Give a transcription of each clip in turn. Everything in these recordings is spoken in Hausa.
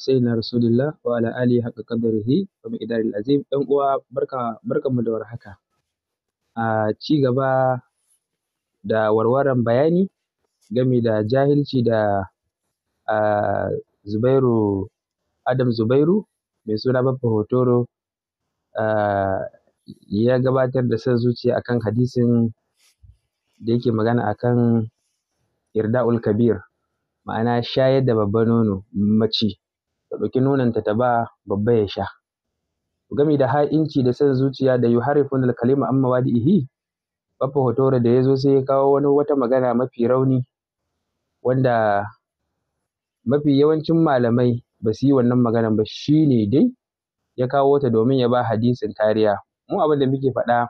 sayyidina rasulillah wa ala alihi haqqa qadarihi wa idaril azim ɗan uwa barka barkanmu da warhaka a ci gaba da warwaran bayani game da jahilci da a Zubairu Adam Zubairu mai suna Baffa Hotoro ya gabatar da son zuciya akan hadisin da yake magana akan Irda'ul Kabir ma'ana shayar da babba nono mace ta ɗauki nononta ta ba babba ya sha gami da ha'inci da san zuciya da yuharifun kalima amma ihi. babba Hotoro da ya zo sai ya kawo wani wata magana mafi rauni wanda mafi yawancin malamai ba su yi wannan maganan ba shi ne dai ya kawo ta domin ya ba hadisin kariya mu abin da muke faɗa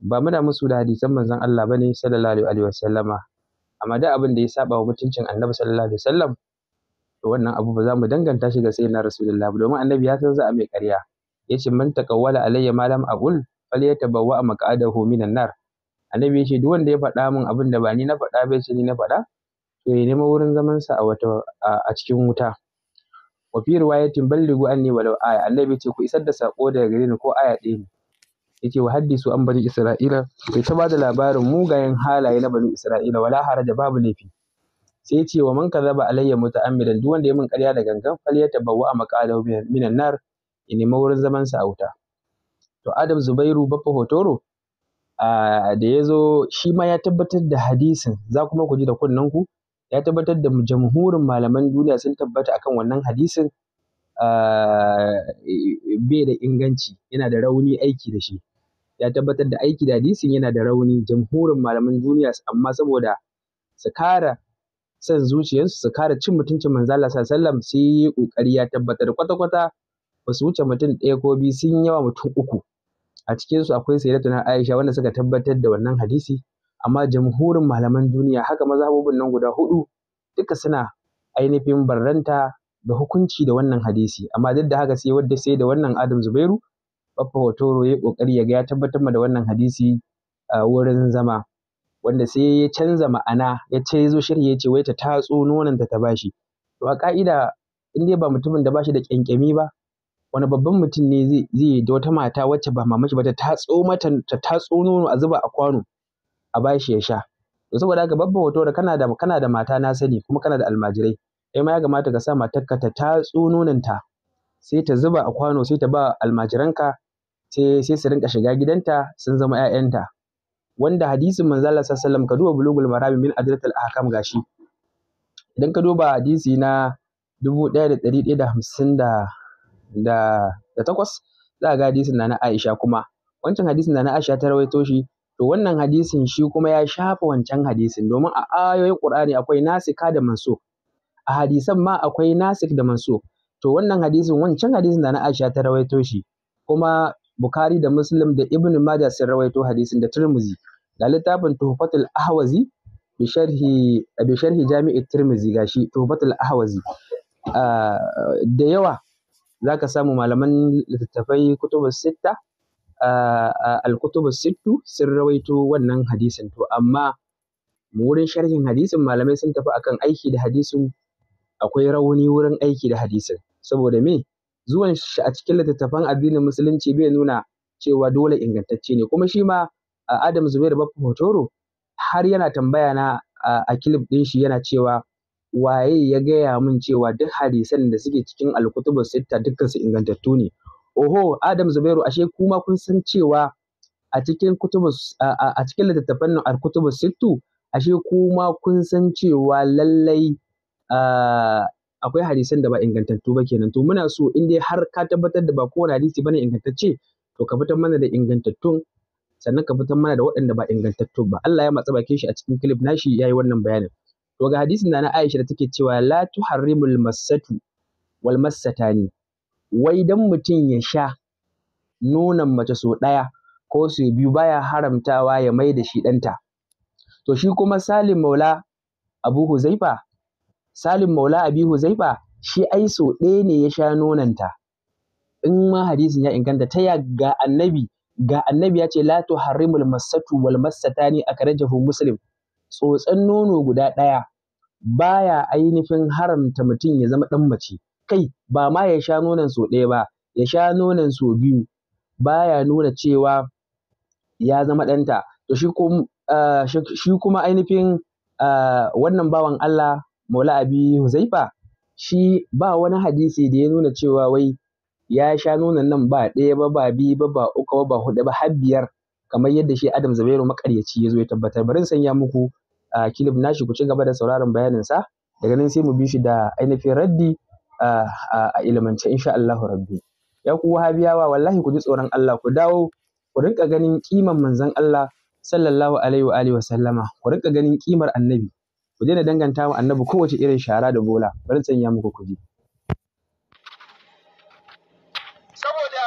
ba muna musu da hadisan manzon Allah bane sallallahu alaihi wasallama amma da abin da ya saba wa mutuncin annabi sallallahu alaihi wasallam to wannan abu ba za mu danganta shi ga sayyidina rasulullah ba domin annabi ya san za a mai ƙarya yace man taqawwala alayya ma lam aqul falyatabawwa maq'adahu minan nar annabi yace duk wanda ya faɗa min abin da ba ni na faɗa ba yace ni na faɗa to ya nemi wurin zaman sa a wata a cikin wuta wa fi riwayatin balligu anni walau aya annabi yace ku isar da sako daga gare ni ko aya ɗaya ne ce wa haddisu an bani isra'ila Kai ta bada labarin mugayen halaye na bani isra'ila wala haraja babu laifi sai yace wa man kazaba alayya muta'ammidan duk wanda ya min ƙarya da gangan fal yatabawwa maqala minan nar ya nemi wurin zaman sa a wuta to Adam Zubairu Baffa Hotoro da ya zo shi ma ya tabbatar da hadisin za kuma ku ji da kunnen ku ya tabbatar da jamhurin malaman duniya sun tabbata akan wannan hadisin Eh, bai da inganci yana da rauni aiki da shi ya tabbatar da aiki da hadisin yana da rauni jamhurin malaman duniya amma saboda su kara son zuciyarsu su kara cin mutuncin manzo Allah sallallahu sai yi kokari ya tabbatar kwata kwata ba su wuce mutum ɗaya ko biyu sun yawa mutum uku a cikin su akwai na Aisha wanda suka tabbatar da wannan hadisi amma jamhurin malaman duniya haka mazhabobin nan guda hudu duka suna ainihin barranta da hukunci da wannan hadisi amma duk da haka sai wadda sai da wannan Adam Zubairu babba Hotoro ya kokari ya ga ya tabbatar da wannan hadisi a wurin zama wanda sai ya canza ma'ana ya ce zo ya ce wai ta tatso nonon ta bashi to a ka'ida in dai ba mutumin da bashi da kyankyami ba wani babban mutum ne zai zai da wata mata wacce ba mamaki ba ta tatso mata ta tatso nono a zuba a kwano a bashi ya sha to saboda haka babba hotoro kana da kana da mata na sani kuma kana da almajirai kai ma ya kamata ka sa matarka ta tatso ta sai ta zuba a kwano sai ta ba almajiranka sai su rinka shiga gidanta sun zama 'ya'yanta. wanda hadisin manzo Allah sallallahu alaihi wasallam ka duba bulugul marami min adratul ahkam gashi idan ka duba hadisi na 1158 za ga hadisin na na Aisha kuma wancan hadisin na na Aisha ta rawaito shi to wannan hadisin shi kuma ya shafa wancan hadisin domin a ayoyin Qur'ani akwai nasika da mansukh a hadisan ma akwai nasik da manso to wannan hadisin wancan hadisin da na Aisha ta rawaito shi kuma Bukhari da Muslim da Ibn Majah sun rawaito hadisin da Tirmizi ga littafin Tuhfatul Ahwazi bi sharhi bi sharhi Jami'i Tirmizi gashi Tuhfatul Ahwazi da yawa zaka samu malaman littattafai kutubus sitta al-kutubus sittu sun rawaito wannan hadisin to amma wurin sharhin hadisin malamai sun tafi akan aiki da hadisin akwai rauni wurin aiki da hadisin. Saboda me? Zuwan shi a cikin littattafan addinin Musulunci bai nuna cewa dole ingantacce ne. Kuma shi ma Adam Zubairu Baffa Hotoro har yana tambaya na a kilif ɗin shi yana cewa waye ya gaya min cewa duk hadisan da suke cikin alkutubu sitta su ingantattu ne. Oho Adam Zubairu ashe kuma kun san cewa a cikin kutubus a cikin littattafan nan alkutubu sittu ashe kuma kun san cewa lallai Ah, akwai hadisan da ba ingantattu ba kenan to muna so in dai har ka tabbatar da ba kowane hadisi bane ingantacce to ka fitar mana da ingantattun sannan ka fitar mana da waɗanda ba ingantattu ba Allah ya matsa bakin shi a cikin clip nashi yayi wannan bayanin to ga hadisin da na Aisha da take cewa la tuharrimul massatu wal massatani wai dan mutum ya sha nonon mace so ɗaya ko su biyu baya haramtawa ya mai da shi ɗanta to shi kuma Salim Maula Abu Huzaifa Salim Maula Abi Huzaifa shi ai so ɗaya ne ya sha nonanta. In ma hadisin ya inganta ta ya ga annabi ga annabi ya ce la tuharrimul masatu wal kare akrajahu muslim tsotsan nono guda ɗaya baya ainihin haramta mutum ya zama ɗan mace kai ba ma ya sha nonon so ɗaya ba ya sha nonon so biyu baya nuna cewa ya zama ɗanta to shi ah, kuma ainihin ah, wannan bawan Allah Maula Abi Huzaifa shi ba wani hadisi da ya nuna cewa wai ya sha nonon nan ba ɗaya ba ba biyu ba ba uku ba ba huɗu ba har biyar kamar yadda shi Adam Zubairu makaryaci ya zo ya tabbatar. Bari in sanya muku a ah, kilif nashi ku ci gaba da sauraron bayanin bayaninsa daga nan sai mu bi shi da ainihin raddi ah, ah, a ilimance insha Allahu rabbi. Ya ku wahabiyawa wallahi ku ji tsoron Allah ku dawo ku rinka ganin kiman manzon Allah sallallahu alaihi wa alihi wa sallama ku rinka ganin ƙimar annabi ku daina danganta wa annabi kowace irin shara da bola bari tsanya muku kuji saboda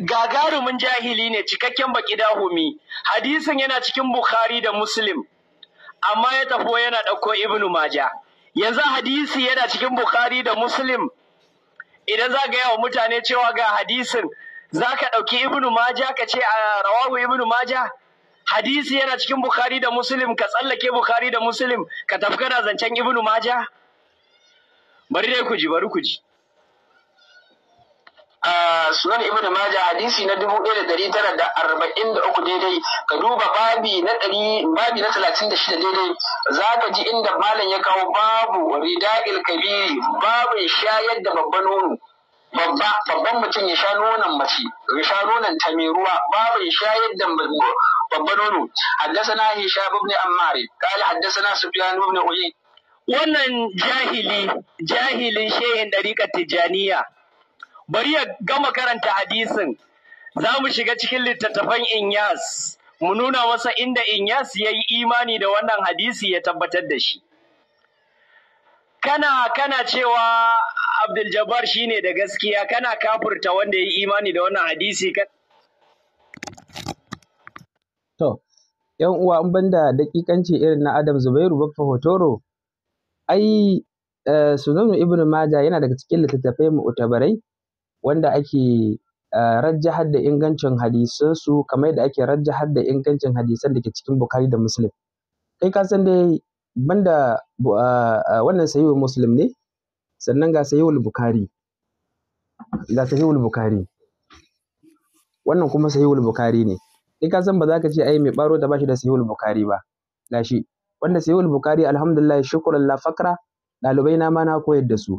gagarumin jahili ne cikakken baki dahumi hadisin yana cikin bukhari da muslim amma ya tafi yana ɗauko ibnu maja yanzu hadisi yana cikin bukhari da muslim idan za ga yawa mutane cewa ga hadisin za ka ɗauki ibnu maja ka ce a rawahu ibnu maja hadisi yana cikin bukhari da muslim ka tsallake bukhari da muslim ka tafi kana zancen ibnu maja bari dai ku ji bari ku ji a sunan Ibn maja hadisi na 1943 daidai ka duba babi na 100 babi na 36 daidai za ka ji inda malam ya kawo babu rida'il kabiri babu ya sha yadda babban nono babban mutum ya sha nonon mace ya sha nonon ta mai ruwa babu yadda da tabbaruru haddasana hisham ibn ammar qala haddasana sufyan ibn uyayy wannan jahili jahilin shehin dariƙar tijaniya bari ya gama karanta hadisin za mu shiga cikin littattafan inyas mu nuna masa inda inyas ya yi imani da wannan hadisi ya tabbatar da shi kana kana cewa abdul jabbar shine da gaskiya kana kafurta wanda ya yi imani da wannan hadisi To, ‘yan uwa in banda daƙiƙanci irin na Adam Zubairu Baffa Hotoro, ai eh, Sunanu Ibn Majah yana daga cikin littattafai mu'tabarai wanda ake eh, rajjahar da ingancin hadisansu kamar yadda ake rajjahar da ingancin hadisan da ke cikin Bukhari da Muslim. Kai ka san dai banda eh, wannan sahihu Muslim ne, sannan ga sahihul Bukhari. Ga sahihul Bukhari. Wannan kuma sahihul Bukhari ne. in ka san ba za ka ce ai mai baro da bashi da sahihul bukari ba gashi wanda sahihul bukari alhamdulillah shukran la fakra dalibai na ma na koyar da su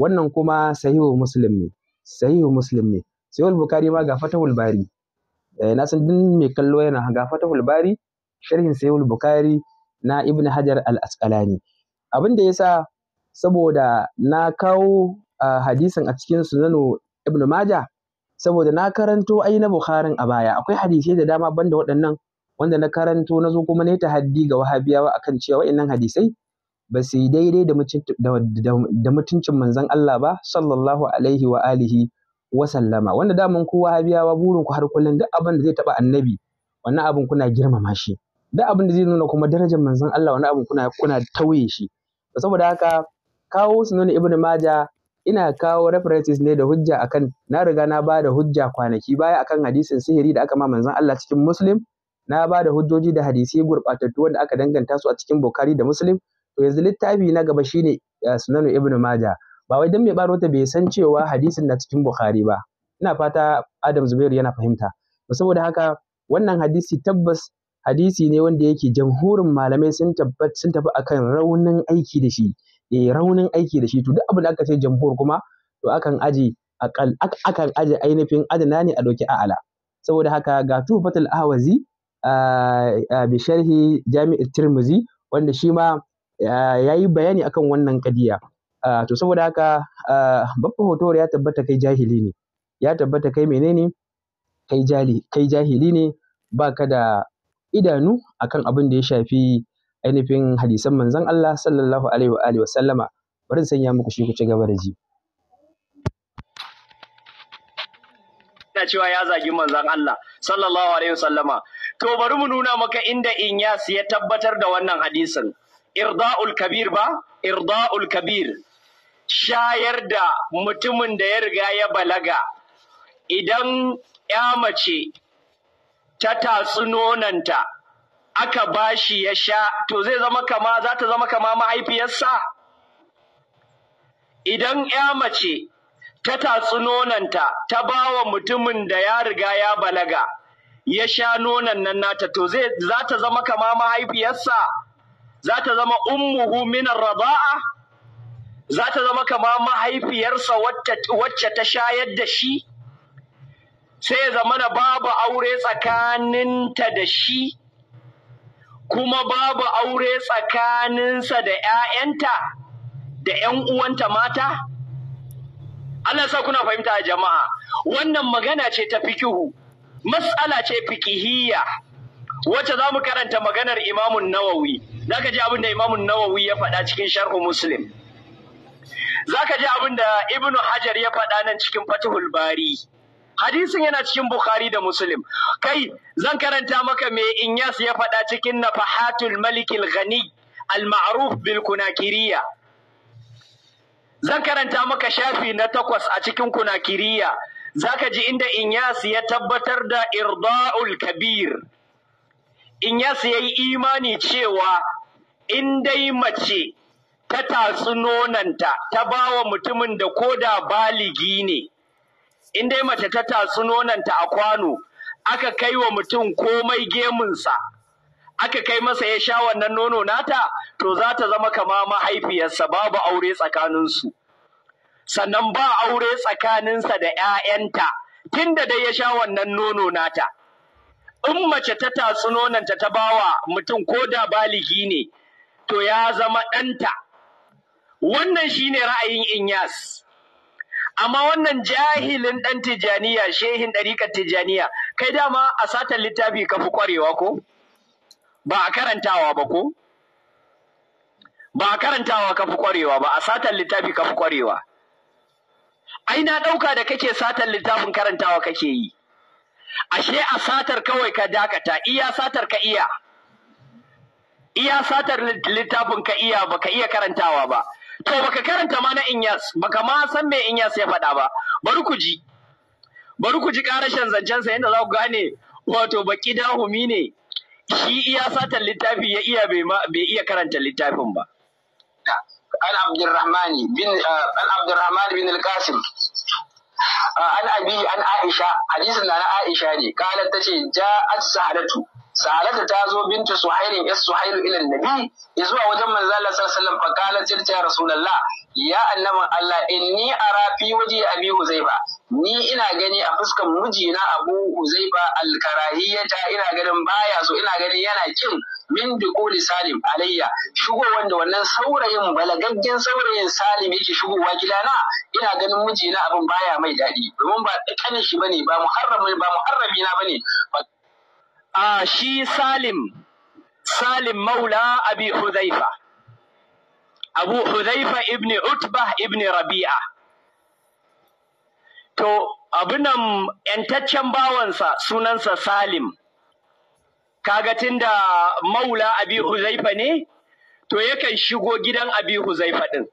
wannan kuma sahihu muslim ne sahihu muslim ne sahihul bukari ma ga fatahul bari eh, na san duk mai kallo yana ga fatahul bari sharhin sahihul bukari na ibnu hajar al asqalani abin da yasa saboda na kawo uh, hadisin a cikin sunanu ibnu majah saboda na karanto ai na Bukharin a baya akwai hadisai da dama banda waɗannan wanda na karanto na zo kuma na yi tahaddi ga wahabiyawa akan cewa waɗannan hadisai ba su yi daidai da mutuncin manzon Allah ba sallallahu alaihi wa alihi wa sallama wanda mun ku wahabiyawa burin ku har kullun duk abin da zai taba annabi wannan abin kuna girmama shi duk abin da zai nuna kuma darajar manzon Allah wannan abin kuna kuna tauye shi saboda haka kawo su nuna ibnu maja ina kawo references ne da hujja akan na riga na ba da hujja kwanaki baya akan hadisin sihiri da aka ma manzon Allah cikin Muslim na ba da hujjoji da hadisi gurbatattu wanda aka danganta su a cikin Bukhari da Muslim to yanzu littafi na gaba shine eh, Sunan Ibn Majah ba wai dan mai ta bai san cewa hadisin na cikin Bukhari ba ina fata Adam Zubair yana fahimta saboda haka wannan hadisi tabbas hadisi ne wanda yake jamhurin malamai sun tabbata sun tafi akan raunin aiki da shi E, raunin aiki da shi. To duk abin da aka ce jamhur kuma to akan aje aƙal akan aje ainihin adana ne a ɗauki a'ala. Saboda haka ga tufatul Ahwazi bi sharhi Jami'ut Tirmidhi wanda shi ma yayi bayani akan wannan kadiya. To saboda haka Baffa Hotoro ya tabbata kai jahili ne. Ya tabbata kai menene? Kai jali kai jahili ne ba ka da idanu akan abin da ya shafi ainihin hadisan manzon Allah sallallahu alaihi wa alihi wa sallama bari in sanya muku shi ku ci gaba da ji yana cewa ya zagi manzon Allah sallallahu alaihi wa sallama to bari mu nuna maka inda Inyas ya tabbatar da wannan hadisin irda'ul kabir ba irda'ul kabir shayar da mutumin da ya riga ya balaga idan ya mace ta tatsu nonanta aka ba shi ya sha to zai zama kama za ta zama kama mahaifiyarsa idan ya mace ta tatsu nonanta ta wa mutumin da ya riga ya balaga ya sha nonan nan nata to zai za ta zama kama mahaifiyarsa za ta zama ummuhu min raba'a. za ta zama kama mahaifiyarsa wacce ta shayar da shi sai ya zama na babu aure tsakaninta da shi kuma babu aure tsakaninsa da ‘ya'yanta da ‘yan uwanta mata? Allah sa kuna fahimta a jama'a, wannan magana ce ta fikihu, matsala ce fikihiyya, wacce za mu karanta maganar imamun nawawi, za ka ji abin da imamun nawawi ya faɗa cikin sharhu muslim. Za ka ji abin da Ibn Hajar ya faɗa nan cikin fatihul bari. hadisin yana cikin bukhari da muslim kai zan karanta maka me inyas ya faɗa cikin nafahatul malikil ghani al-ma'ruf bil kunakiriya zan karanta maka shafi na takwas a cikin kunakiriya zaka ji inda inyas ya tabbatar da irda'ul kabir inyas yayi imani cewa in dai mace ta tatsu nonanta ta bawa mutumin da koda baligi ne in dai mace ta tatsu nonanta a kwano aka kai wa mutum komai gemunsa aka kai masa ya sha wannan nono nata to za ta zama kama mahaifiyarsa babu aure tsakaninsu sannan ba aure tsakaninsa da 'ya'yanta tunda dai ya sha wannan nono nata in mace ta tasu nonanta ta bawa mutum ko da baligi ne to ya zama ɗanta wannan shine ra'ayin inyas amma wannan jahilin dan tijaniya shehin ɗariƙar tijaniya kai dama a satan littafi ka fi ƙwarewa ko ba a karantawa ba ko ba a karantawa ka fi ƙwarewa ba a satan littafi ka fi ƙwarewa ai na ɗauka da kake satan littafin karantawa kake yi ashe a satar kawai ka dakata iya satar ka iya iya satar littafin ka iya baka iya karantawa ba to baka karanta ma na Inyas baka ma san me Inyas ya faɗa ba bari ku ji bari ku ji shan zancen sa yadda za ku gane wato baki dahumi ne shi iya satan littafi ya iya bai iya karanta littafin ba al abdurrahmani bin uh, al abdurrahmani bin al-qasim uh, an abi an aisha hadisin na aisha ne qalat tace ja'at sahadatu sa'alata ta zo bintu suhairin yas suhairu ila Ya zuwa wajen manzo Allah sallallahu alaihi wasallam ta rasulullah ya annaban Allah in ni a rafi waje abi huzaifa ni ina gani a fuskan mijina abu huzaifa alkarahiyata ina ganin baya so ina ganin yana kin min duquli salim alayya shigo wanda wannan saurayin balagaggen saurayin salim yake shigowa gidana ina ganin mijina abin baya mai daɗi domin ba kanin shi bane ba muharramin ba muharrami na bane a shi Salim Salim Maula Abi Hudhaifa Abu Hudhaifa ibn Utbah ibn Rabi'a to abunan yantaccen bawansa sunansa Salim kaga tunda Maula Abi Hudhaifa ne to yakan shigo gidan Abi Huzaifa din.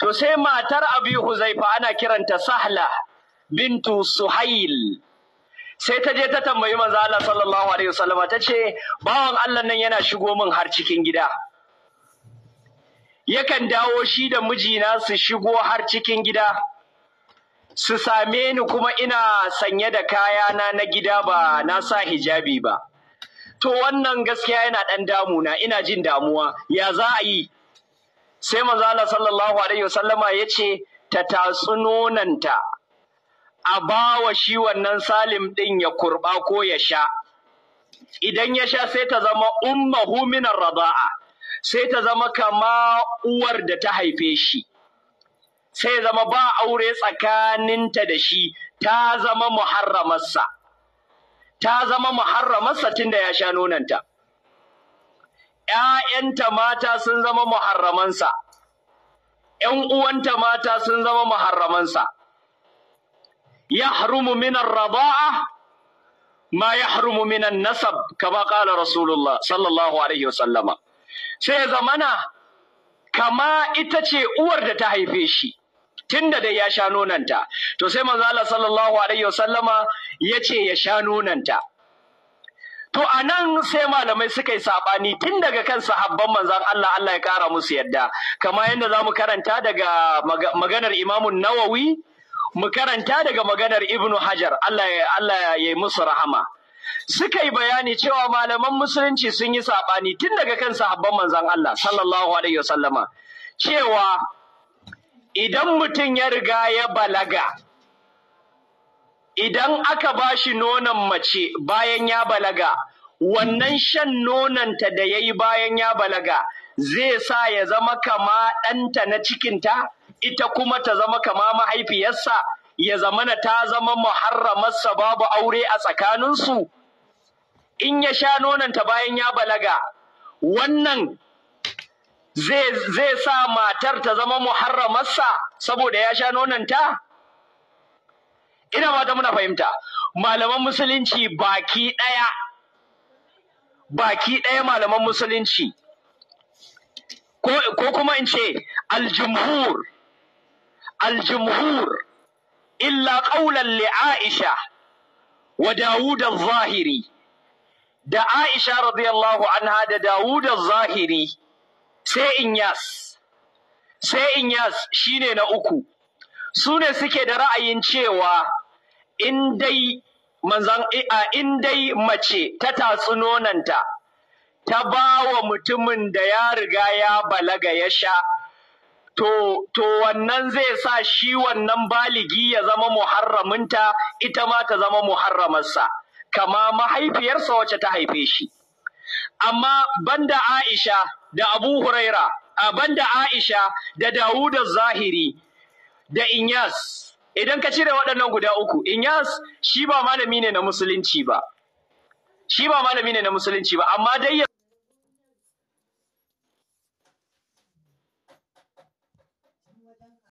To sai matar Abi Huzaifa ana kiranta Sahla bintu Suhail sai ta je ta tambayi manzo Allah sallallahu alaihi wasallam ta ce bawan Allah nan yana shigo min har cikin gida yakan dawo shi da mijina su shigo har cikin gida su same ni kuma ina sanye da kayana na gida ba na sa hijabi ba to wannan gaskiya yana dan damuna ina jin damuwa ya za a yi sai manzo Allah sallallahu alaihi wasallama yace ta tatsunonanta a bawa shi wannan salim ɗin ya kurɓa ko ya sha. Idan ya sha sai ta zama umma huminan raza'a, sai ta zama kama uwar da ta haife shi. Sai zama ba aure tsakaninta da shi, ta zama muharramarsa. Ta zama muharramarsa tun da ya sha nonanta. ‘Ya'yanta mata sun zama muharramansa, ‘yan uwanta mata sun zama muharramansa. yahrumu min ar-rida'a ma yahrumu min an-nasab kama qala rasulullah sallallahu alaihi wasallama sai zamana kama ita ce uwar da ta haife shi tunda dai ya sha nonanta to sai manzo Allah sallallahu alaihi wasallama yace ya sha nonanta to anan sai malamai suka yi sabani tun daga kan sahabban manzon Allah Allah ya kara musu yadda kama yadda zamu karanta daga maganar Imam Nawawi mu karanta daga maganar Ibnu Hajar Allah ya yi musu rahama suka yi bayani cewa malaman musulunci sun yi saɓani, tun daga kan sahabban manzan Allah sallallahu alaihi wasallama cewa idan mutum ya riga ya balaga idan aka ba shi nonon mace bayan ya balaga wannan shan nononta da ya yi bayan ya balaga zai sa ya zama kama ɗanta na cikinta ita kuma ta zama kama mahaifiyarsa ya zamana ta zama muharramarsa babu aure a tsakaninsu in ya sha nonanta bayan ya balaga wannan zai sa matar ta zama muharramarsa saboda ya sha nonanta ina fata muna fahimta malaman musulunci baki ɗaya baki ɗaya malaman musulunci ko kuma in ce aljumhur الجمهور إلا قولا لعائشة وداود الظاهري da Aisha radiyallahu anha da Dawud zahiri sai Inyas sai Inyas shine na uku su ne suke da ra'ayin cewa in dai mace ta tatsunonanta. ta ba wa mutumin da ya riga ya balaga ya sha to to wannan zai sa shi wannan baligi ya zama muharraminta ita ma ta zama muharramarsa kama mahaifiyarsa wacce ta haife shi amma banda Aisha da Abu Huraira banda Aisha da Dawud Zahiri da Inyas idan ka cire waɗannan guda uku Inyas shi ba malami ne na musulunci ba shi ba malami ne na musulunci ba amma dai